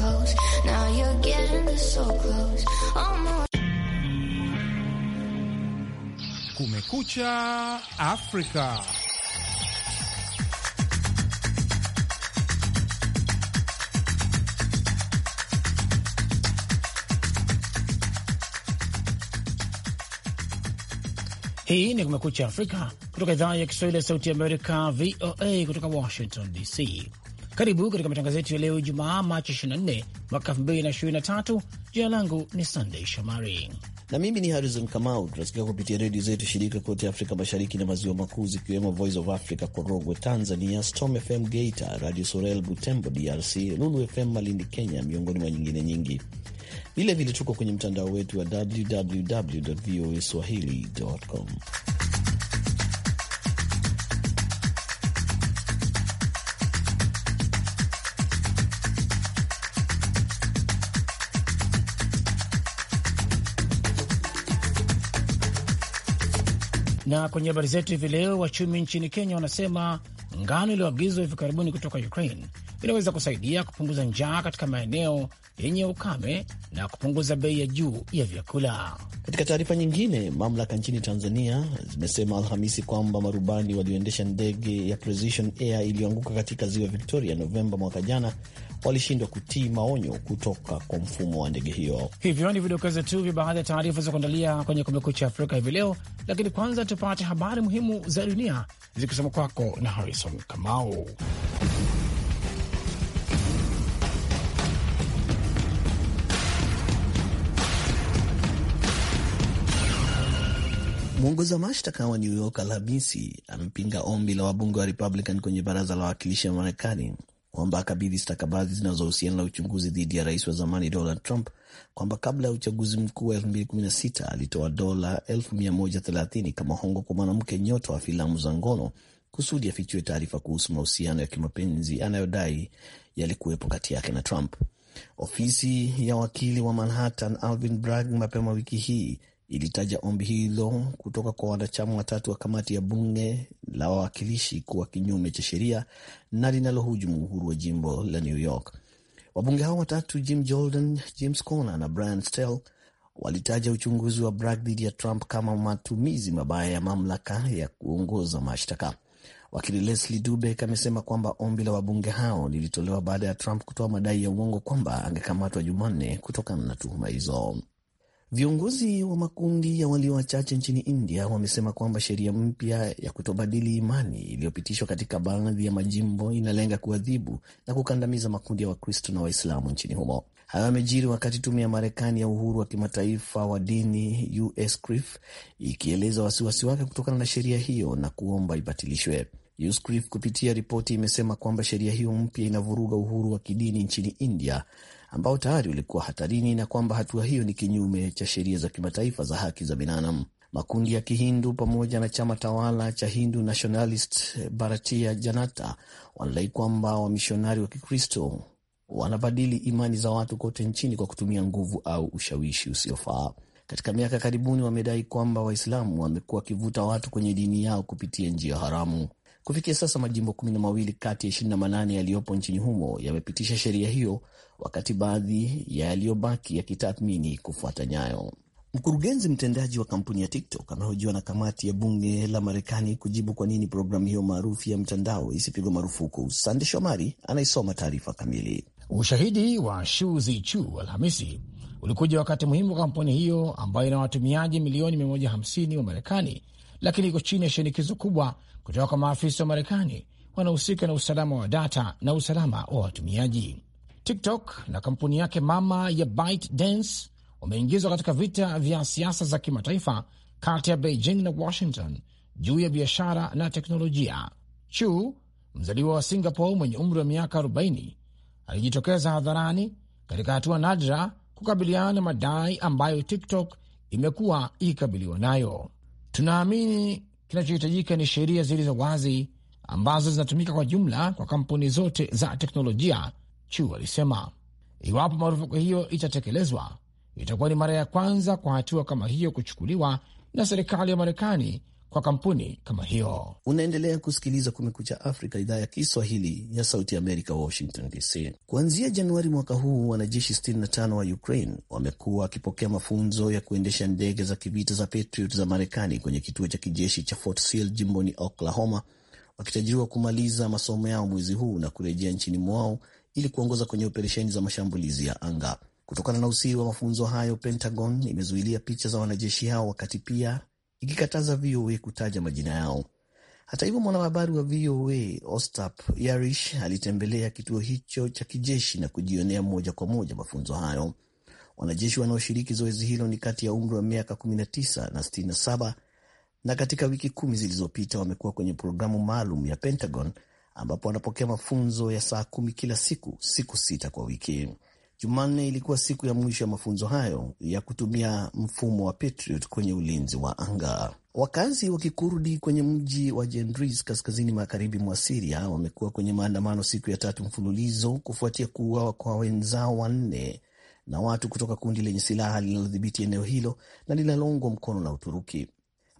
Oh, Kumekucha Afrika. Hii ni Kumekucha Afrika kutoka idhaa ya Kiswahili ya Sauti ya Amerika, VOA, kutoka Washington DC. Karibu katika matangazo yetu ya leo Ijumaa, Machi 24 mwaka 2023. Jina langu ni Sandei Shomari na mimi ni Harrison Kamau. Tunasikia kupitia redio zetu shirika kote Afrika Mashariki na Maziwa Makuu, zikiwemo Voice of Africa Korogwe Tanzania, Storm FM Geita, Radio Sorel Butembo DRC, Lulu FM Malindi Kenya, miongoni mwa nyingine nyingi. Vilevile tuko kwenye mtandao wetu wa www voa swahili.com. Na kwenye habari zetu hivi leo, wachumi nchini Kenya wanasema ngano iliyoagizwa hivi karibuni kutoka Ukraine inaweza kusaidia kupunguza njaa katika maeneo yenye ukame na kupunguza bei ya juu ya vyakula. Katika taarifa nyingine, mamlaka nchini Tanzania zimesema Alhamisi kwamba marubani walioendesha ndege ya Precision Air iliyoanguka katika ziwa Victoria Novemba mwaka jana walishindwa kutii maonyo kutoka kwa mfumo wa ndege hiyo. Hivyo ni vidokezo tu vya baadhi ya taarifa za kuandalia kwenye Kumekucha Afrika hivi leo, lakini kwanza tupate habari muhimu za dunia zikisoma kwako na Harrison Kamau. Mwongoza mashtaka wa New York Alhamisi amepinga ombi la wabunge wa Republican kwenye baraza la wawakilishi wa Marekani kwamba akabidhi stakabadhi zinazohusiana na uchunguzi dhidi ya rais wa zamani Donald Trump, kwamba kabla ya uchaguzi mkuu wa 2016 alitoa dola 130 kama hongo kwa mwanamke nyota wa filamu za ngono kusudi afichiwe taarifa kuhusu mahusiano ya kimapenzi anayodai yalikuwepo kati yake na Trump. Ofisi ya wakili wa Manhattan Alvin Bragg mapema wiki hii ilitaja ombi hilo kutoka kwa wanachama watatu wa kamati ya bunge la wawakilishi kuwa kinyume cha sheria na linalohujumu uhuru wa jimbo la New York. Wabunge hao watatu Jim Jordan, James Corner na Brian Stell walitaja uchunguzi wa Bragg dhidi ya Trump kama matumizi mabaya ya mamlaka ya kuongoza mashtaka. Wakili Leslie Dubek amesema kwamba ombi la wabunge hao lilitolewa baada ya Trump kutoa madai ya uongo kwamba angekamatwa Jumanne kutokana na tuhuma hizo. Viongozi wa makundi ya walio wachache nchini India wamesema kwamba sheria mpya ya kutobadili imani iliyopitishwa katika baadhi ya majimbo inalenga kuadhibu na kukandamiza makundi ya Wakristo na Waislamu nchini humo. Hayo yamejiri wakati tume ya Marekani ya uhuru wa kimataifa wa dini USCRIF ikieleza wasiwasi wake kutokana na sheria hiyo na kuomba ibatilishwe. USCRIF kupitia ripoti imesema kwamba sheria hiyo mpya inavuruga uhuru wa kidini nchini India ambao tayari ulikuwa hatarini na kwamba hatua hiyo ni kinyume cha sheria za kimataifa za haki za binadamu. Makundi ya Kihindu pamoja na chama tawala cha Hindu Nationalist Bharatiya Janata wanadai kwamba wamishonari wa Kikristo wanabadili imani za watu kote nchini kwa kutumia nguvu au ushawishi usiofaa. Katika miaka karibuni, wamedai kwamba Waislamu wamekuwa wakivuta watu kwenye dini yao kupitia njia haramu. Kufikia sasa majimbo kumi na mawili kati ya ishirini na manane yaliyopo nchini humo yamepitisha sheria hiyo, wakati baadhi yaliyobaki yakitathmini kufuata nyayo. Mkurugenzi mtendaji wa kampuni ya TikTok amehojiwa na kamati ya bunge la Marekani kujibu kwa nini programu hiyo maarufu ya mtandao isipigwa marufuku. Sande Shomari anaisoma taarifa kamili. Ushahidi wa Shu Zichu Alhamisi ulikuja wakati muhimu wa kampuni hiyo ambayo ina watumiaji milioni 150 wa Marekani, lakini iko chini ya shinikizo kubwa kutoka kwa maafisa wa Marekani wanaohusika na usalama wa data na usalama wa watumiaji. TikTok na kampuni yake mama ya ByteDance wameingizwa katika vita vya siasa za kimataifa kati ya Beijing na Washington juu ya biashara na teknolojia. Chu, mzaliwa wa Singapore mwenye umri wa miaka 40, alijitokeza hadharani katika hatua nadra kukabiliana na madai ambayo TikTok imekuwa ikikabiliwa nayo. Tunaamini Kinachohitajika ni sheria zilizo wazi ambazo zinatumika kwa jumla kwa kampuni zote za teknolojia, Chu alisema. Iwapo marufuku hiyo itatekelezwa, itakuwa ni mara ya kwanza kwa hatua kama hiyo kuchukuliwa na serikali ya Marekani kwa kampuni kama hiyo. Unaendelea kusikiliza Kumekucha Afrika, idhaa ya Kiswahili ya Sauti Amerika, Washington DC. Kuanzia Januari mwaka huu, wanajeshi 65 wa Ukraine wamekuwa wakipokea mafunzo ya kuendesha ndege za kivita za Patriot za Marekani kwenye kituo cha kijeshi cha Fort Sill jimboni Oklahoma, wakitarajiwa kumaliza masomo yao mwezi huu na kurejea nchini mwao ili kuongoza kwenye operesheni za mashambulizi ya anga. Kutokana na usiri wa mafunzo hayo, Pentagon imezuilia picha za wanajeshi hao, wakati pia ikikataza VOA kutaja majina yao. Hata hivyo, mwanahabari wa VOA Ostap Yarish alitembelea kituo hicho cha kijeshi na kujionea moja kwa moja mafunzo hayo. Wanajeshi wanaoshiriki zoezi hilo ni kati ya umri wa miaka 19 na 67 na katika wiki kumi zilizopita wamekuwa kwenye programu maalum ya Pentagon ambapo wanapokea mafunzo ya saa kumi kila siku, siku sita kwa wiki. Jumanne ilikuwa siku ya mwisho ya mafunzo hayo ya kutumia mfumo wa Patriot kwenye ulinzi wa anga. Wakazi wa Kikurdi kwenye mji wa Jendris kaskazini magharibi mwa Siria wamekuwa kwenye maandamano siku ya tatu mfululizo kufuatia kuuawa kwa wenzao wanne na watu kutoka kundi lenye silaha linalodhibiti eneo hilo na linalongwa mkono na Uturuki.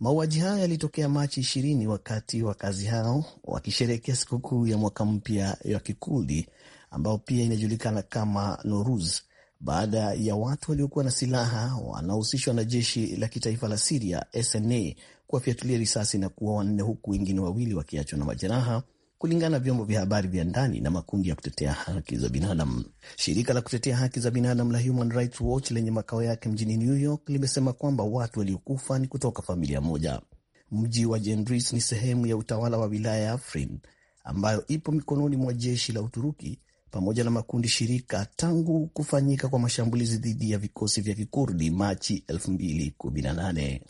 Mauaji hayo yalitokea Machi ishirini wakati wakazi hao wakisherehekea sikukuu ya mwaka mpya ya Kikurdi ambayo pia inajulikana kama Noruz, baada ya watu waliokuwa na silaha wanaohusishwa na jeshi la kitaifa la Siria SNA kuwafyatulia risasi na kuwa wanne, huku wengine wawili wakiachwa na majeraha kulingana na vyombo vya habari vya ndani na makundi ya kutetea haki za binadamu. Shirika la kutetea haki za binadamu la Human Rights Watch lenye makao yake mjini New York limesema kwamba watu waliokufa ni kutoka familia moja. Mji wa Jendris ni sehemu ya utawala wa wilaya ya Afrin ambayo ipo mikononi mwa jeshi la Uturuki pamoja na makundi shirika tangu kufanyika kwa mashambulizi dhidi ya vikosi vya Kikurdi Machi 2018.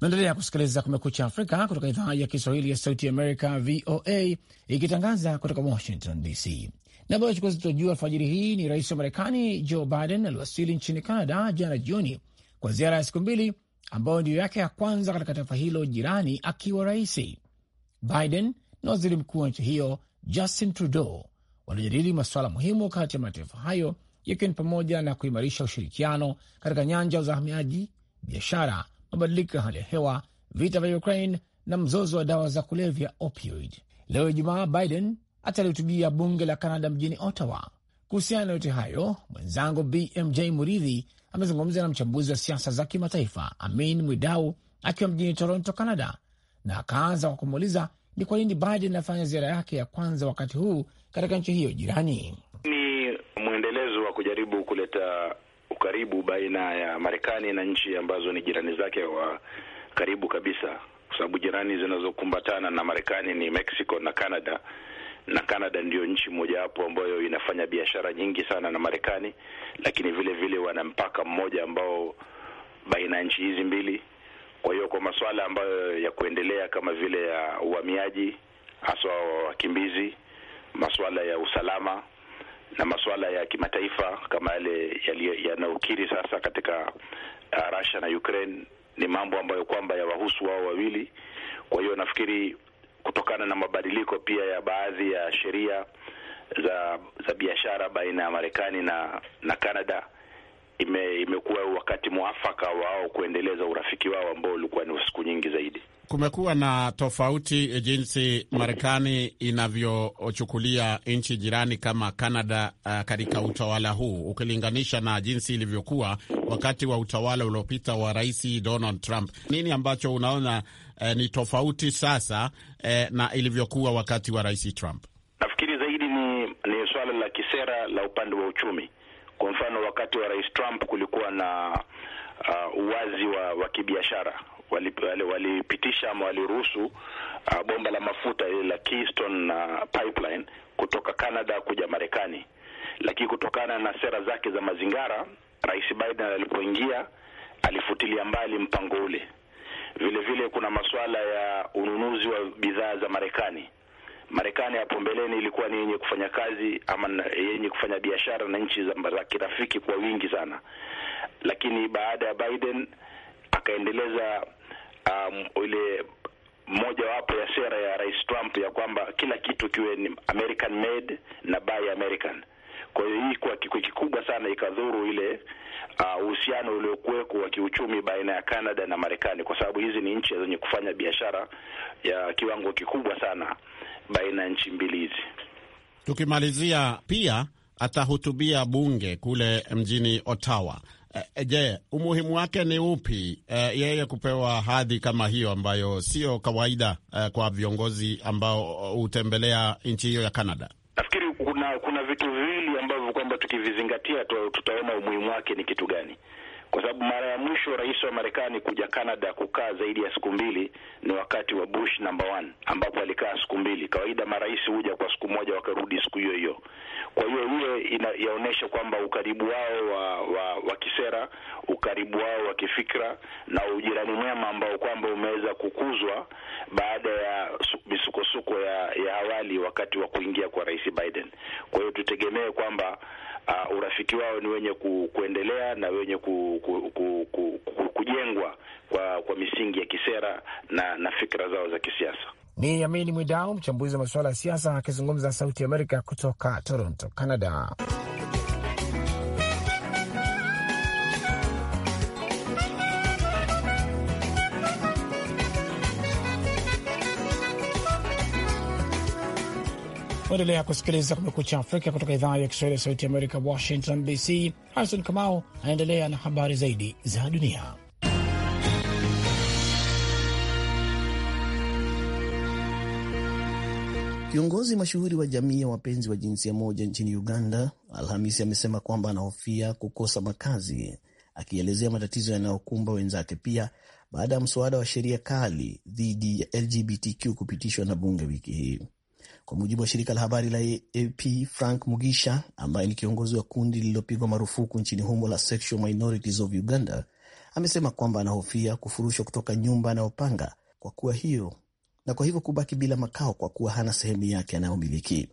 Naendelea kusikiliza Kumekucha Afrika kutoka idhaa ya Kiswahili ya Sauti Amerika, VOA, ikitangaza kutoka Washington DC. Na ambayo chukua zitojua alfajiri hii ni rais wa Marekani Joe Biden aliwasili nchini Canada jana jioni kwa ziara ya siku mbili ambayo ndiyo yake ya kwanza katika taifa hilo jirani akiwa raisi. Biden na waziri mkuu wa nchi hiyo Justin Trudeau walijadili masuala muhimu kati ya mataifa hayo yakiwa ni pamoja na kuimarisha ushirikiano katika nyanja za uhamiaji, biashara, mabadiliko ya hali ya hewa, vita vya Ukraine na mzozo wa dawa za kulevya opioid. Leo Ijumaa, Biden atalihutubia bunge la canada mjini Ottawa. Kuhusiana na yote hayo, mwenzangu BMJ Muridhi amezungumza na mchambuzi wa siasa za kimataifa Amin Mwidau akiwa mjini Toronto, Canada, na akaanza kwa kumuuliza ni kwa nini Biden anafanya ziara yake ya kwanza wakati huu katika nchi hiyo jirani. Ni mwendelezo wa kujaribu kuleta ukaribu baina ya Marekani na nchi ambazo ni jirani zake wa karibu kabisa, kwa sababu jirani zinazokumbatana na Marekani ni Mexico na Canada na Canada ndiyo nchi mojawapo ambayo inafanya biashara nyingi sana na Marekani, lakini vile vile wana mpaka mmoja ambao baina ya nchi hizi mbili. Kwa hiyo kwa masuala ambayo ya kuendelea kama vile ya uhamiaji, haswa wakimbizi, masuala ya usalama na masuala ya kimataifa kama yale yanayokiri sasa katika uh, Russia na Ukraine ni mambo ambayo kwamba yawahusu wao wawili. Kwa hiyo nafikiri kutokana na mabadiliko pia ya baadhi ya sheria za za biashara baina ya Marekani na na Canada ime, imekuwa wakati mwafaka wao kuendeleza urafiki wao ambao ulikuwa ni siku nyingi zaidi kumekuwa na tofauti eh, jinsi Marekani inavyochukulia nchi jirani kama Kanada uh, eh, katika utawala huu ukilinganisha na jinsi ilivyokuwa wakati wa utawala uliopita wa Rais Donald Trump. Nini ambacho unaona uh, ni tofauti sasa uh, na ilivyokuwa wakati wa Rais Trump? Nafikiri zaidi ni, ni swala la kisera la upande wa uchumi. Kwa mfano wakati wa Rais Trump kulikuwa na uh, uwazi wa, wa kibiashara walipitisha ama waliruhusu uh, bomba la mafuta ile la Keystone uh, pipeline kutoka Canada kuja Marekani, lakini kutokana na sera zake za mazingira, Rais Biden alipoingia alifutilia mbali mpango ule. Vile vile kuna masuala ya ununuzi wa bidhaa za Marekani. Marekani hapo mbeleni ilikuwa ni yenye kufanya kazi ama yenye kufanya biashara na nchi za kirafiki kwa wingi sana, lakini baada ya Biden akaendeleza um, ile mojawapo ya sera ya Rais Trump ya kwamba kila kitu kiwe ni American made na by American. Kwa hiyo hii kwa kikubwa sana ikadhuru ile uh, uhusiano uliokuweko wa kiuchumi baina ya Canada na Marekani, kwa sababu hizi ni nchi zenye kufanya biashara ya kiwango kikubwa sana baina ya nchi mbili hizi. Tukimalizia, pia atahutubia bunge kule mjini Ottawa. Eh, eh, je, umuhimu wake ni upi eh, yeye kupewa hadhi kama hiyo ambayo sio kawaida kwa viongozi ambao uh, hutembelea nchi hiyo ya Canada? Nafikiri kuna kuna vitu viwili ambavyo kwamba tukivizingatia tutaona umuhimu wake ni kitu gani kwa sababu mara ya mwisho rais wa Marekani kuja Canada kukaa zaidi ya siku mbili ni wakati wa Bush number one, ambapo alikaa siku mbili. Kawaida marais huja kwa siku moja wakarudi siku hiyo hiyo. Kwa hiyo hiyo yaonyesha kwamba ukaribu wao wa, wa, wa kisera, ukaribu wao wa kifikra na ujirani mwema ambao kwamba umeweza kukuzwa baada ya misukosuko ya, ya awali wakati wa kuingia kwa rais Biden. Kwa hiyo tutegemee kwamba uh, urafiki wao ni wenye ku, kuendelea na wenye ku, ku, ku, ku, ku, kujengwa kwa kwa misingi ya kisera na, na fikra zao za kisiasa. Ni Amini Mwidau, mchambuzi wa masuala ya siasa, akizungumza Sauti ya Amerika kutoka Toronto, Canada. Mwendelea kusikiliza Kumekucha Afrika kutoka idhaa ya Kiswahili ya Sauti Amerika, Washington DC. Harison Kamau anaendelea na habari zaidi za dunia. Kiongozi mashuhuri wa jamii ya wapenzi wa jinsia moja nchini Uganda Alhamisi amesema kwamba anahofia kukosa makazi, akielezea matatizo yanayokumba wenzake pia baada ya mswada wa sheria kali dhidi ya LGBTQ kupitishwa na bunge wiki hii. Kwa mujibu wa shirika la habari la AP, Frank Mugisha ambaye ni kiongozi wa kundi lililopigwa marufuku nchini humo la Sexual Minorities of Uganda amesema kwamba anahofia kufurushwa kutoka nyumba anayopanga kwa kuwa hiyo na kwa hivyo kubaki bila makao kwa kuwa hana sehemu yake anayomiliki.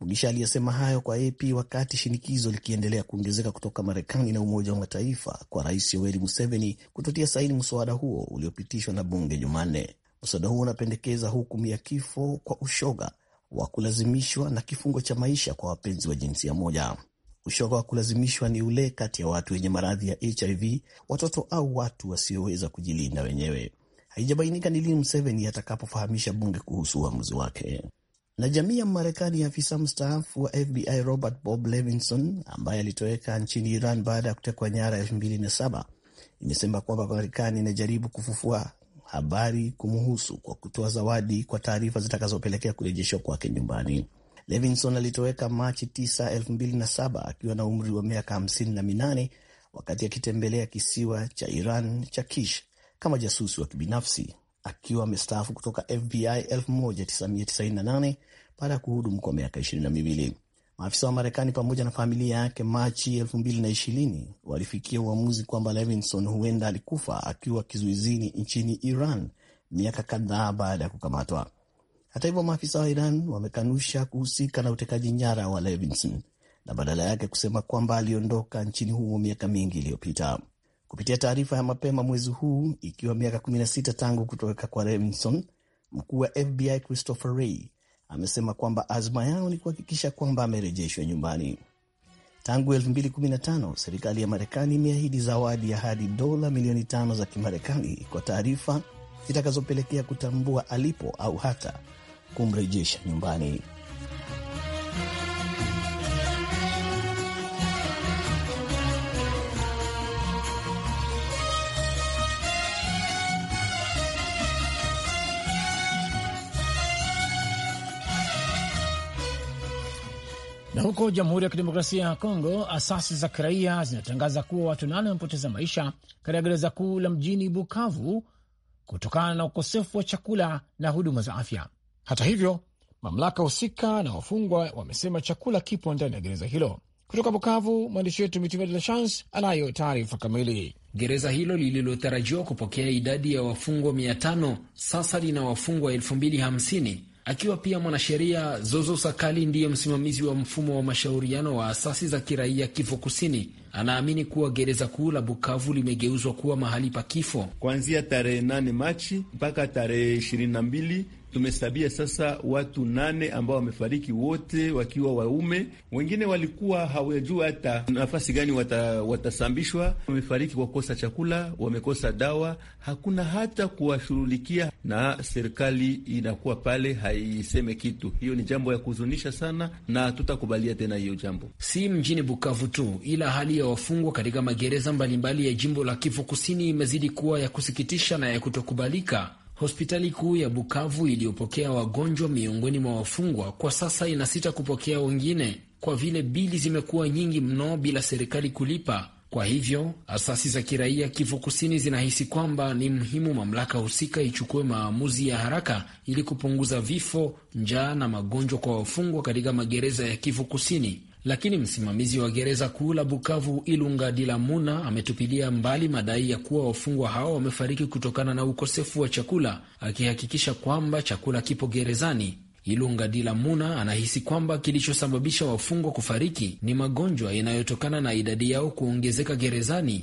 Mugisha aliyesema hayo kwa AP wakati shinikizo likiendelea kuongezeka kutoka Marekani na Umoja wa Mataifa kwa Rais Yoweri Museveni kutotia saini mswada huo uliopitishwa na bunge Jumanne. Mswada huo unapendekeza hukumu ya kifo kwa ushoga wa kulazimishwa na kifungo cha maisha kwa wapenzi wa jinsia moja. Ushoga wa kulazimishwa ni ule kati ya watu wenye maradhi ya HIV, watoto au watu wasioweza kujilinda wenyewe. Haijabainika ni lini Museveni atakapofahamisha bunge kuhusu uamuzi wa wake. Na jamii ya Marekani ya afisa mstaafu wa FBI Robert Bob Levinson ambaye alitoweka nchini Iran baada ya kutekwa nyara 2007 imesema kwamba Marekani inajaribu kufufua habari kumuhusu kwa kutoa zawadi kwa taarifa zitakazopelekea kurejeshwa kwake nyumbani. Levinson alitoweka Machi 9, 2007 akiwa na umri wa miaka 58 wakati akitembelea kisiwa cha Iran cha Kish kama jasusi wa kibinafsi akiwa amestaafu kutoka FBI 1998 baada ya kuhudumu kwa miaka miwili. Maafisa wa Marekani pamoja na familia yake Machi 2020 walifikia uamuzi kwamba Levinson huenda alikufa akiwa kizuizini nchini Iran miaka kadhaa baada ya kukamatwa. Hata hivyo, maafisa wa Iran wamekanusha kuhusika na utekaji nyara wa Levinson na badala yake kusema kwamba aliondoka nchini humo miaka mingi iliyopita. Kupitia taarifa ya mapema mwezi huu, ikiwa miaka 16 tangu kutoweka kwa Levinson, mkuu wa FBI Christopher Wray amesema kwamba azma yao ni kuhakikisha kwamba amerejeshwa nyumbani. Tangu 2015 serikali ya Marekani imeahidi zawadi ya hadi dola milioni tano za Kimarekani kwa taarifa zitakazopelekea kutambua alipo au hata kumrejesha nyumbani. Na huko Jamhuri ya Kidemokrasia ya Kongo, asasi za kiraia zinatangaza kuwa watu nane wamepoteza maisha katika gereza kuu la mjini Bukavu kutokana na ukosefu wa chakula na huduma za afya. Hata hivyo, mamlaka husika na wafungwa wamesema chakula kipo ndani ya gereza hilo. Kutoka Bukavu, mwandishi wetu Mitima De La Chance anayo taarifa kamili. Gereza hilo lililotarajiwa kupokea idadi ya wafungwa mia tano sasa lina wafungwa elfu mbili hamsini akiwa pia mwanasheria. Zozo Sakali ndiye msimamizi wa mfumo wa mashauriano wa asasi za kiraia Kivu Kusini. Anaamini kuwa gereza kuu la Bukavu limegeuzwa kuwa mahali pa kifo kuanzia tarehe 8 Machi mpaka tarehe 22 tumesabia sasa watu nane ambao wamefariki, wote wakiwa waume. Wengine walikuwa hawajua hata nafasi gani wata, watasambishwa. Wamefariki kwa kosa chakula, wamekosa dawa, hakuna hata kuwashughulikia, na serikali inakuwa pale haiseme kitu. Hiyo ni jambo ya kuhuzunisha sana, na tutakubalia tena hiyo jambo, si mjini Bukavu tu, ila hali ya wafungwa katika magereza mbalimbali ya jimbo la Kivu Kusini imezidi kuwa ya kusikitisha na ya kutokubalika Hospitali kuu ya Bukavu iliyopokea wagonjwa miongoni mwa wafungwa kwa sasa inasita kupokea wengine kwa vile bili zimekuwa nyingi mno bila serikali kulipa. Kwa hivyo asasi za kiraia Kivu Kusini zinahisi kwamba ni muhimu mamlaka husika ichukue maamuzi ya haraka ili kupunguza vifo, njaa na magonjwa kwa wafungwa katika magereza ya Kivu Kusini lakini msimamizi wa gereza kuu la Bukavu Ilunga Dilamuna ametupilia mbali madai ya kuwa wafungwa hao wamefariki kutokana na ukosefu wa chakula, akihakikisha kwamba chakula kipo gerezani. Ilunga Dilamuna anahisi kwamba kilichosababisha wafungwa kufariki ni magonjwa yanayotokana na idadi yao kuongezeka gerezani.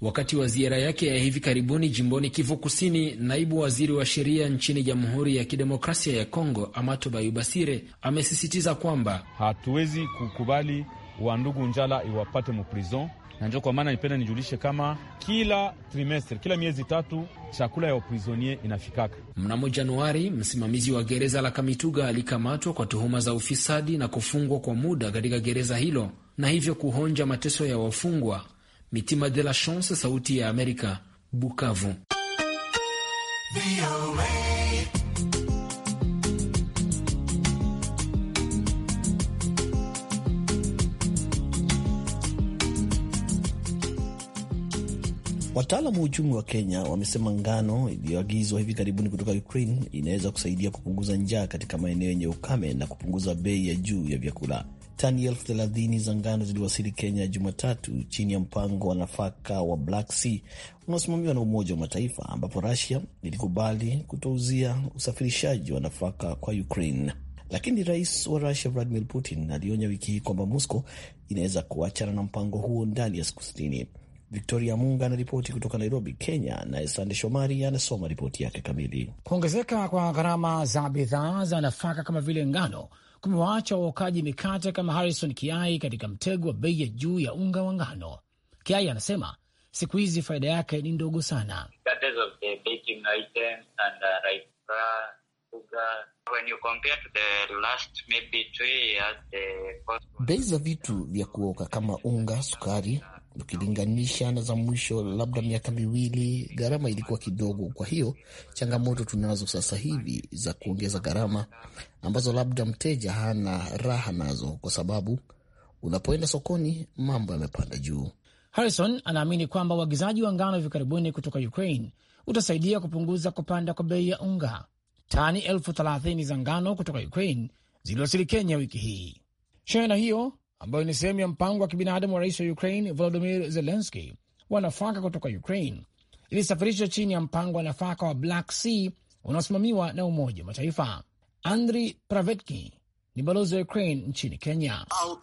Wakati wa ziara yake ya hivi karibuni jimboni Kivu Kusini, naibu waziri wa sheria nchini Jamhuri ya Kidemokrasia ya Kongo, Amato Bayubasire, amesisitiza kwamba hatuwezi kukubali wandugu njala iwapate mu na ndio kwa maana nipenda nijulishe kama kila trimestre, kila miezi tatu chakula ya waprisonie inafikaka. Mnamo Januari, msimamizi wa gereza la Kamituga alikamatwa kwa tuhuma za ufisadi na kufungwa kwa muda katika gereza hilo na hivyo kuhonja mateso ya wafungwa. Mitima de la Chance, Sauti ya Amerika, Bukavu. Wataalamu wa uchumi wa Kenya wamesema ngano iliyoagizwa hivi karibuni kutoka Ukraine inaweza kusaidia kupunguza njaa katika maeneo yenye ukame na kupunguza bei ya juu ya vyakula. Tani elfu thelathini za ngano ziliwasili Kenya Jumatatu chini ya mpango wa nafaka wa Black Sea unaosimamiwa na Umoja wa Mataifa, ambapo rasia ilikubali kutouzia usafirishaji wa nafaka kwa Ukraine. Lakini rais wa Rusia Vladimir Putin alionya wiki hii kwamba Moscow inaweza kuachana na mpango huo ndani ya siku sitini. Victoria Munga anaripoti kutoka Nairobi, Kenya, naye Sande Shomari anasoma ripoti yake kamili. Kuongezeka kwa gharama za bidhaa za nafaka kama vile ngano kumewaacha waokaji mikate kama Harrison Kiai katika mtego wa bei ya juu ya unga wa ngano. Kiai anasema siku hizi faida yake ni ndogo sana. Eh, uh, bei za vitu vya kuoka kama unga, sukari ukilinganisha na za mwisho labda miaka miwili, gharama ilikuwa kidogo. Kwa hiyo changamoto tunazo sasa hivi za kuongeza gharama ambazo labda mteja hana raha nazo, kwa sababu unapoenda sokoni mambo yamepanda juu. Harrison anaamini kwamba uagizaji wa ngano hivi karibuni kutoka Ukraine utasaidia kupunguza kupanda kwa bei ya unga. Tani elfu thelathini za ngano kutoka Ukraine ziliwasili Kenya wiki hii. Shehena hiyo ambayo ni sehemu ya mpango wa kibinadamu wa rais wa Ukraine Volodimir Zelenski wa nafaka kutoka Ukraine ilisafirishwa chini ya mpango wa nafaka wa Black Sea unaosimamiwa na Umoja wa Mataifa. Andri Pravetki ni balozi wa Ukraine nchini Kenya. Our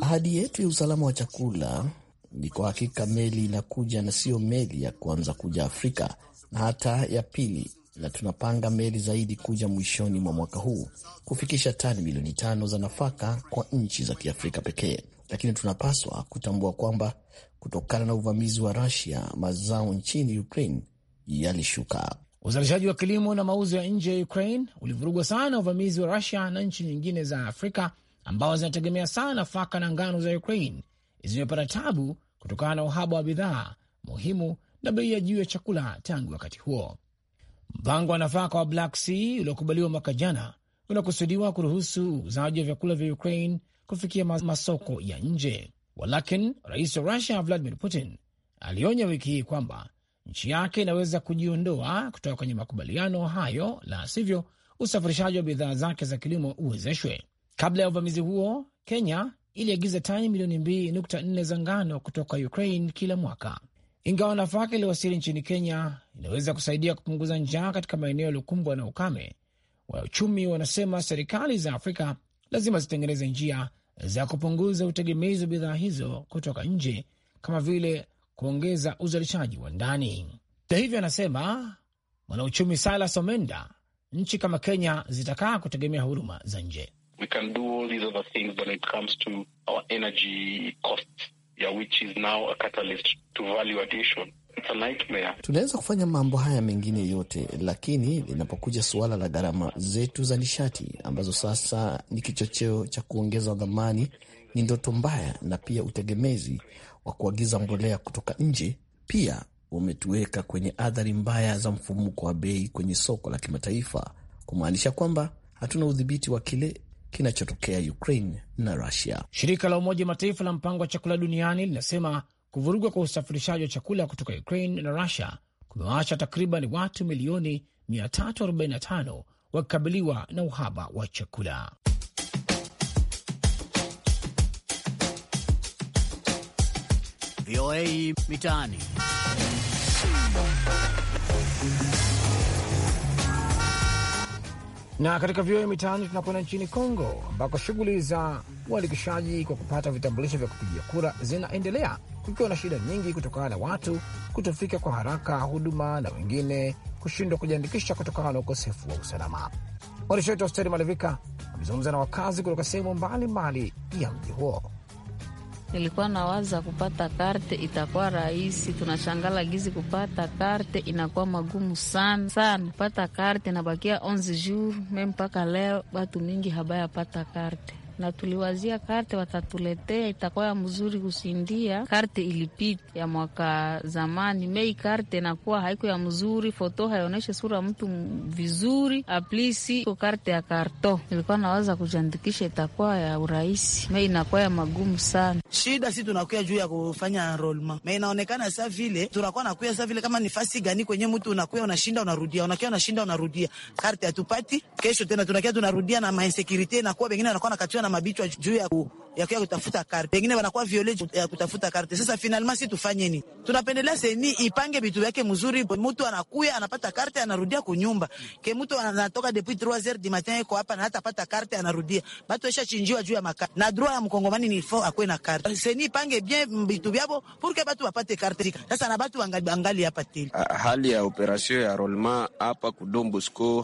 Ahadi yetu ya usalama wa chakula ni kwa hakika meli inakuja na siyo meli ya kuanza kuja Afrika na hata ya pili, na tunapanga meli zaidi kuja mwishoni mwa mwaka huu kufikisha tani milioni tano za nafaka kwa nchi za Kiafrika pekee. Lakini tunapaswa kutambua kwamba kutokana na uvamizi wa Rusia mazao nchini Ukraine yalishuka. Uzalishaji wa kilimo na mauzo ya nje ya Ukraine ulivurugwa sana uvamizi wa Rusia na nchi nyingine za Afrika ambazo zinategemea sana nafaka na ngano za Ukraine zimepata tabu kutokana na uhaba wa bidhaa muhimu na bei ya juu ya chakula tangu wakati huo. Mpango wa nafaka wa Black Sea uliokubaliwa mwaka jana unakusudiwa kuruhusu uuzaji wa vyakula vya Ukraine kufikia masoko ya nje, walakin rais wa Rusia Vladimir Putin alionya wiki hii kwamba nchi yake inaweza kujiondoa kutoka kwenye makubaliano hayo, la sivyo usafirishaji wa bidhaa zake za kilimo uwezeshwe. Kabla ya uvamizi huo, Kenya iliagiza tani milioni 2.4 za ngano kutoka Ukraine kila mwaka. Ingawa nafaka iliwasili nchini Kenya inaweza kusaidia kupunguza njaa katika maeneo yaliyokumbwa na ukame, wauchumi wanasema serikali za Afrika lazima zitengeneze njia za kupunguza utegemezi wa bidhaa hizo kutoka nje, kama vile kuongeza uzalishaji wa ndani. Hata hivyo, anasema mwanauchumi Silas Omenda, nchi kama Kenya zitakaa kutegemea huduma za nje to value addition. Tunaweza kufanya mambo haya mengine yote, lakini linapokuja suala la gharama zetu za nishati ambazo sasa ni kichocheo cha kuongeza dhamani, ni ndoto mbaya, na pia utegemezi wa kuagiza mbolea kutoka nje pia umetuweka kwenye athari mbaya za mfumuko wa bei kwenye soko la kimataifa, kumaanisha kwamba hatuna udhibiti wa kile kinachotokea Ukraine na Russia. Shirika la Umoja Mataifa la mpango wa chakula duniani linasema Kuvurugwa kwa usafirishaji wa chakula kutoka Ukraine na Rusia kumewaacha takriban watu milioni 345 wakikabiliwa na uhaba wa chakula. VOA Mitaani. Na katika VOA Mitaani tunakwenda nchini congo ambako shughuli za uandikishaji kwa kupata vitambulisho vya kupigia kura zinaendelea kukiwa na shida nyingi kutokana na watu kutofika kwa haraka huduma na wengine kushindwa kujiandikisha kutokana na ukosefu wa usalama. Mwandishi wetu Hosteri Malivika amezungumza na wakazi kutoka sehemu mbalimbali ya mji huo. Nilikuwa nawaza kupata karte itakuwa rahisi, tunashangala gizi kupata karte inakuwa magumu sana sana. Kupata karte nabakia 11 jour me mpaka leo watu mingi habayapata karte na tuliwazia karte watatuletea, itakuwa ya mzuri kusindia karte ilipita ya mwaka zamani. Mei karte nakuwa haiko ya mzuri, foto haioneshe sura mtu vizuri, aplisi ko karte ya karto ilikuwa nawaza kujiandikisha, itakuwa ya urahisi. Mei inakuwa ya magumu sana, shida si tunakuya juu ya kufanya enrollment. Mei inaonekana sa vile tunakuwa nakuya sa vile kama nifasi gani kwenye mtu unakuya unashinda unarudia unakuya unashinda unarudia karte hatupati, kesho tena tunakuya tunarudia na mainsekurite inakuwa bengine anakuwa nakatiwa na mabichwa juu ya ku ya kuya kutafuta karte, wengine wanakuwa viole ya kutafuta karte. Sasa finalma, si tufanye ni Tunapendelea seni ipange vitu vyake mzuri. Mtu anakuya anapata karte, anarudia kunyumba ke mtu anatoka depuis trois heures du matin iko hapa na hata pata karte, anarudia batu esha chinjiwa juu ya makarte. Na droit ya mkongomani ni fo akwe na karte. Seni ipange bien vitu vyabo purke batu wapate karte. Sasa na batu wangali hapa tili hali ya operation ya rolma hapa kudombosko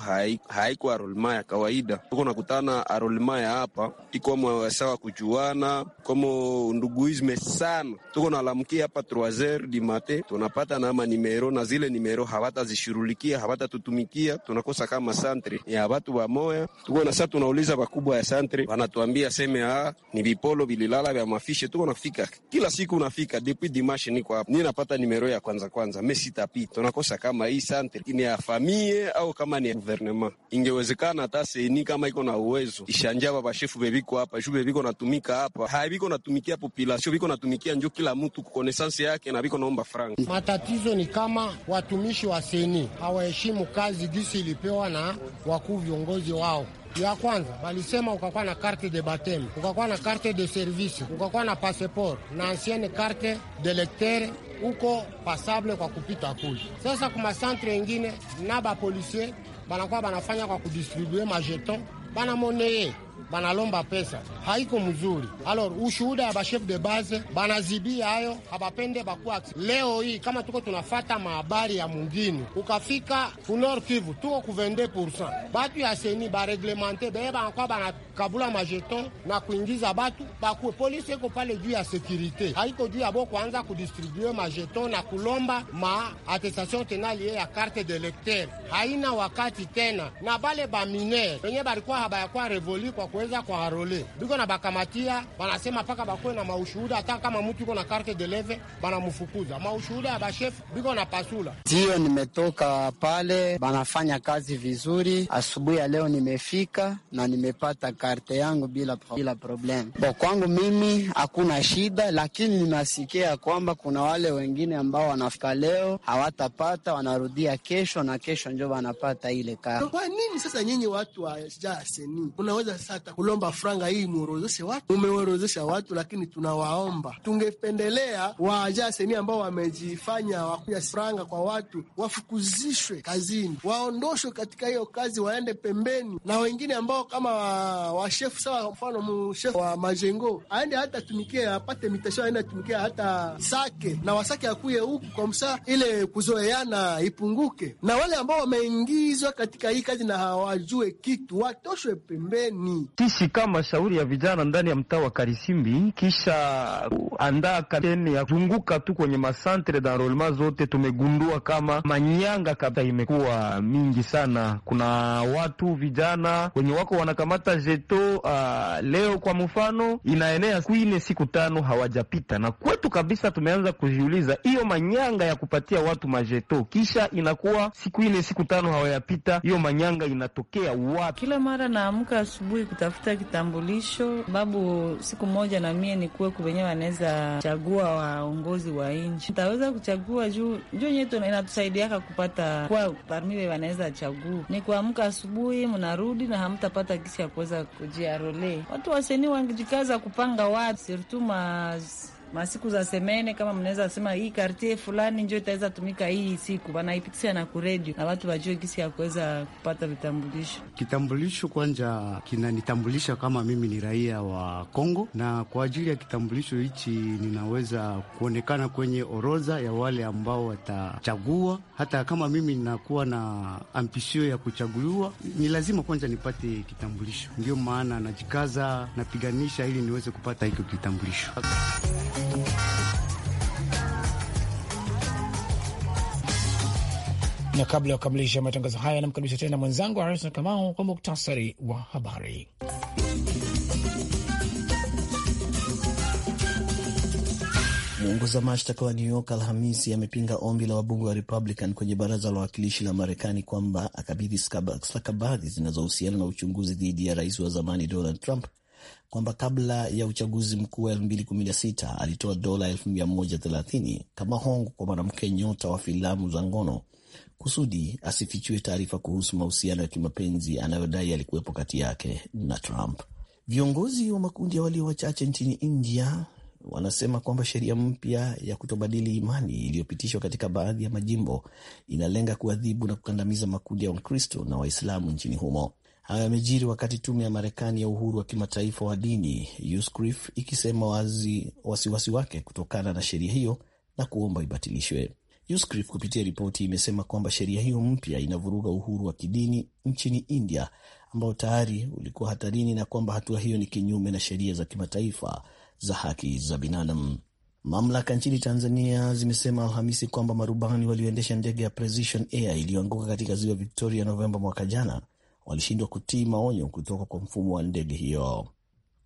haikuwa rolma ya kawaida, tuko nakutana rolma ya hapa ikomo wasawa kujuana komo nduguisme sana. Tuko nalamkia hapa 3h du matin tunapata na manimero na zile nimero hawata zishurulikia hawata tutumikia tunakosa kama santre ya watu wa moya. Tuko na sasa tunauliza wakubwa ya santre, wanatuambia seme ah, ni vipolo vililala vya mafishe. Tuko nafika kila siku nafika depuis dimanche, niko hapa ni napata nimero ya kwanza kwanza, mimi tapi Tunakosa kama hii santre ni ya famille au kama ni gouvernement. Ingewezekana hata seni kama iko na uwezo ishanjaba baba bebi viko hapa, shule viko natumika hapa, hai natumikia populasio, viko natumikia njo kila mtu kukonesansi yake na viko naomba franga. Matatizo ni kama watumishi wa seni hawaheshimu kazi gisi ilipewa na wakuu viongozi wao ya kwanza balisema ukakuwa na carte de bateme, ukakuwa na carte de service, ukakuwa na passeport na ancienne carte de lecteur, uko pasable kwa kupita kule. Sasa kuma centre ingine na bapolisier banakuwa banafanya kwa kudistribue majeton banamoneye banalomba pesa haiko mzuri. Alors ushuhuda ya bashef de base banazibia hayo, habapende bakua. leo hii. Kama tuko tunafata mahabari ya mungini, ukafika kunor Kivu tuko ku 22% batu ya seni bareglemente beye banakwa banakabula majeton na kuingiza batu bakue Polisi iko pale juu ya sekurite, haiko juu ya bo kuanza kudistribue majeton na kulomba ma atestation tenalie ya karte de lecteur, haina wakati tena na bale baminer benye balikuwa habayakwa revoli kwa kuweza kwa harole biko na bakamatia, banasema mpaka bakuwe na maushuhuda, hata kama mtu iko na karte de leve banamfukuza. Maushuhuda ya bashef biko na pasula. Ndiyo, nimetoka pale, banafanya kazi vizuri. Asubuhi ya leo nimefika na nimepata karte yangu bila, pro, bila problem. Bo, kwangu mimi hakuna shida, lakini ninasikia kwamba kuna wale wengine ambao wanafika leo hawatapata, wanarudia kesho na kesho njo wanapata ile karte. Kwa nini sasa nyinyi watu wa seni unaweza sasa hata kulomba franga hii muorozeshe watu, umeorozesha watu, lakini tunawaomba, tungependelea waajaseni ambao wamejifanya wakuya franga kwa watu wafukuzishwe kazini, waondoshwe katika hiyo kazi, waende pembeni, na wengine ambao kama washefu sawa, mfano mshefu wa majengo aende hata tumikie apate mitasho, aende atumikie hata Sake na Wasake akuye huku kwa msa, ile kuzoeana ipunguke, na wale ambao wameingizwa katika hii kazi na hawajue kitu watoshwe pembeni sisi kama shauri ya vijana ndani ya mtaa wa Karisimbi, kisha andaa kateni ya zunguka tu kwenye masantre d'enrolement zote, tumegundua kama manyanga kabisa imekuwa mingi sana. Kuna watu vijana wenye wako wanakamata jeto uh, leo kwa mfano inaenea kwine siku tano hawajapita, na kwetu kabisa tumeanza kujiuliza hiyo manyanga ya kupatia watu majeto kisha inakuwa siku ine siku tano hawayapita, hiyo manyanga inatokea wapi? Kila mara naamka asubuhi kuta kutafuta kitambulisho, sababu siku moja na mie nikuweku wenyewe wanaweza chagua waongozi wa nchi, ntaweza kuchagua juu juu nyetu inatusaidiaka kupata kuwa parmiwe wanaweza chagua. Ni kuamka asubuhi, mnarudi na hamtapata kisi ya kuweza kujiarole. Watu waseni wangijikaza kupanga watu sirtuma masiku za semene, kama mnaweza sema hii kartie fulani njo itaweza tumika hii siku, wanaipitisha na kuredio na watu wajue kisi ya kuweza kupata vitambulisho. Kitambulisho kwanja kinanitambulisha kama mimi ni raia wa Kongo, na kwa ajili ya kitambulisho hichi ninaweza kuonekana kwenye orodha ya wale ambao watachagua. Hata kama mimi ninakuwa na ambisio ya kuchaguliwa, ni lazima kwanza nipate kitambulisho. ndio maana najikaza, napiganisha ili niweze kupata hiko kitambulisho na kabla ya kukamilisha matangazo haya, namkaribisha tena mwenzangu Harison Kamau kwa muktasari wa habari. Mwongoza mashtaka wa New York Alhamisi amepinga ombi la wabunge wa Republican kwenye baraza la wawakilishi la Marekani kwamba akabidhi stakabadhi zinazohusiana na uchunguzi dhidi ya rais wa zamani Donald Trump kwamba kabla ya uchaguzi mkuu wa 2016 alitoa dola 130,000 kama hongo kwa mwanamke nyota wa filamu za ngono kusudi asifichue taarifa kuhusu mahusiano ya kimapenzi anayodai alikuwepo kati yake na Trump. Viongozi wa makundi ya walio wachache nchini India wanasema kwamba sheria mpya ya kutobadili imani iliyopitishwa katika baadhi ya majimbo inalenga kuadhibu na kukandamiza makundi ya Wakristo na Waislamu nchini humo. Hayo yamejiri wakati tume ya Marekani ya uhuru wa kimataifa wa dini Yuskrif ikisema wazi wasiwasi wake kutokana na sheria hiyo na kuomba ibatilishwe. Yuskrif kupitia ripoti imesema kwamba sheria hiyo mpya inavuruga uhuru wa kidini nchini India ambao tayari ulikuwa hatarini na kwamba hatua hiyo ni kinyume na sheria za kimataifa za haki za binadamu. Mamlaka nchini Tanzania zimesema Alhamisi kwamba marubani walioendesha ndege ya Precision Air iliyoanguka katika ziwa Victoria Novemba mwaka jana walishindwa kutii maonyo kutoka kwa mfumo wa ndege hiyo.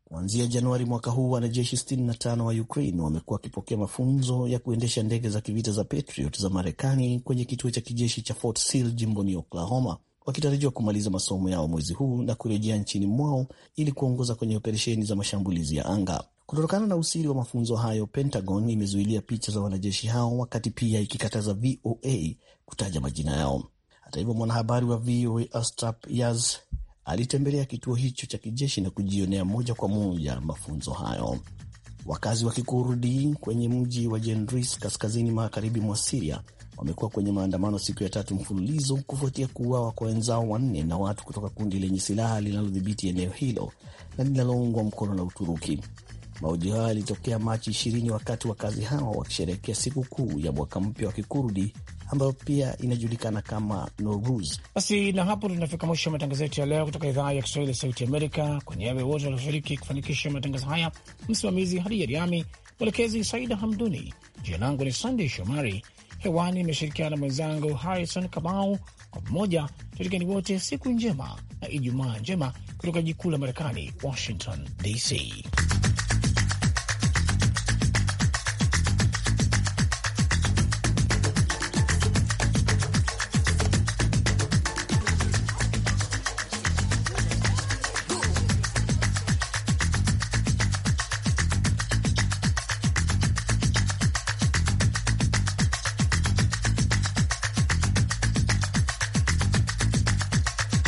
Kuanzia Januari mwaka huu, wanajeshi 65 wa Ukraine wamekuwa wakipokea mafunzo ya kuendesha ndege za kivita za Patriot za Marekani kwenye kituo cha kijeshi cha Fort Sill jimboni Oklahoma, wakitarajiwa kumaliza masomo yao mwezi huu na kurejea nchini mwao ili kuongoza kwenye operesheni za mashambulizi ya anga. Kutokana na usiri wa mafunzo hayo, Pentagon imezuilia picha za wanajeshi hao, wakati pia ikikataza VOA kutaja majina yao. Hata hivyo, mwanahabari wa VOA Astrap Yaz alitembelea kituo hicho cha kijeshi na kujionea moja kwa moja mafunzo hayo. Wakazi wa Kikurdi kwenye mji wa Jenris kaskazini magharibi mwa Siria wamekuwa kwenye maandamano siku ya tatu mfululizo kufuatia kuuawa kwa wenzao wanne na watu kutoka kundi lenye silaha linalodhibiti eneo hilo na linaloungwa mkono na Uturuki. Mauaji hayo yalitokea Machi 20 wakati wakazi hawa wakisherehekea sikukuu ya mwaka mpya wa Kikurdi ambayo pia inajulikana kama Noruz. Basi na hapo tunafika mwisho wa matangazo yetu ya leo kutoka idhaa ya Kiswahili ya Sauti Amerika. Kwa niaba ya wote walioshiriki kufanikisha matangazo haya, msimamizi Hadija Riami, mwelekezi Saida Hamduni, jina langu ni Sandey Shomari. Hewani imeshirikiana na mwenzangu Harrison Kamau. Kwa pamoja tulikeni wote siku njema na Ijumaa njema kutoka jikuu la Marekani, Washington DC.